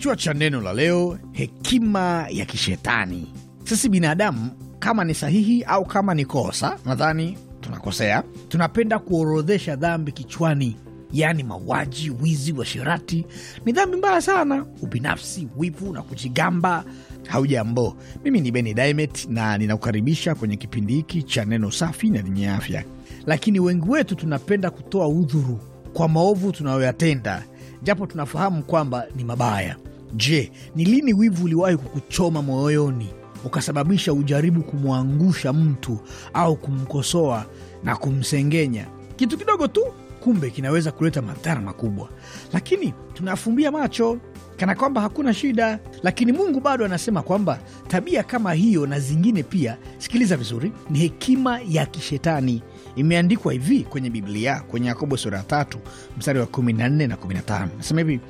Kichwa cha neno la leo: hekima ya kishetani. Sisi binadamu, kama ni sahihi au kama ni kosa, nadhani tunakosea, tunapenda kuorodhesha dhambi kichwani, yaani mauaji, wizi, uasherati ni dhambi mbaya sana, ubinafsi, wivu na kujigamba. Haujambo, mimi ni Beni Dimet na ninakukaribisha kwenye kipindi hiki cha neno safi na lenye afya. Lakini wengi wetu tunapenda kutoa udhuru kwa maovu tunayoyatenda, japo tunafahamu kwamba ni mabaya. Je, ni lini wivu uliwahi kukuchoma moyoni ukasababisha ujaribu kumwangusha mtu au kumkosoa na kumsengenya? Kitu kidogo tu, kumbe kinaweza kuleta madhara makubwa, lakini tunafumbia macho kana kwamba hakuna shida. Lakini Mungu bado anasema kwamba tabia kama hiyo na zingine pia, sikiliza vizuri, ni hekima ya kishetani. Imeandikwa hivi kwenye Biblia, kwenye Yakobo sura ya tatu mstari wa 14 na 15, nasema hivi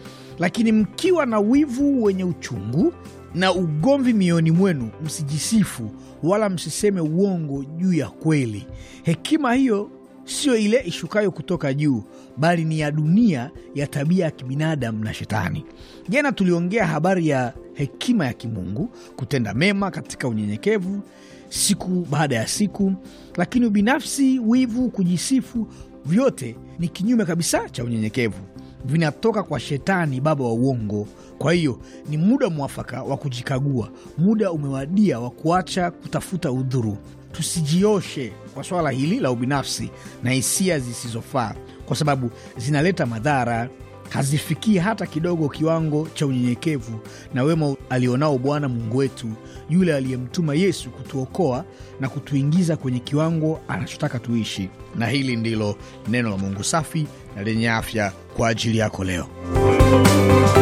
lakini mkiwa na wivu wenye uchungu na ugomvi mioyoni mwenu, msijisifu wala msiseme uongo juu ya kweli. Hekima hiyo siyo ile ishukayo kutoka juu, bali ni ya dunia, ya tabia ya kibinadamu na Shetani. Jana tuliongea habari ya hekima ya kimungu, kutenda mema katika unyenyekevu, siku baada ya siku. Lakini ubinafsi, wivu, kujisifu, vyote ni kinyume kabisa cha unyenyekevu vinatoka kwa shetani, baba wa uongo. Kwa hiyo ni muda mwafaka wa kujikagua. Muda umewadia wa kuacha kutafuta udhuru. Tusijioshe kwa swala hili la ubinafsi na hisia zisizofaa, kwa sababu zinaleta madhara hazifikii hata kidogo kiwango cha unyenyekevu na wema alionao Bwana Mungu wetu, yule aliyemtuma Yesu kutuokoa na kutuingiza kwenye kiwango anachotaka tuishi. Na hili ndilo neno la Mungu safi na lenye afya kwa ajili yako leo.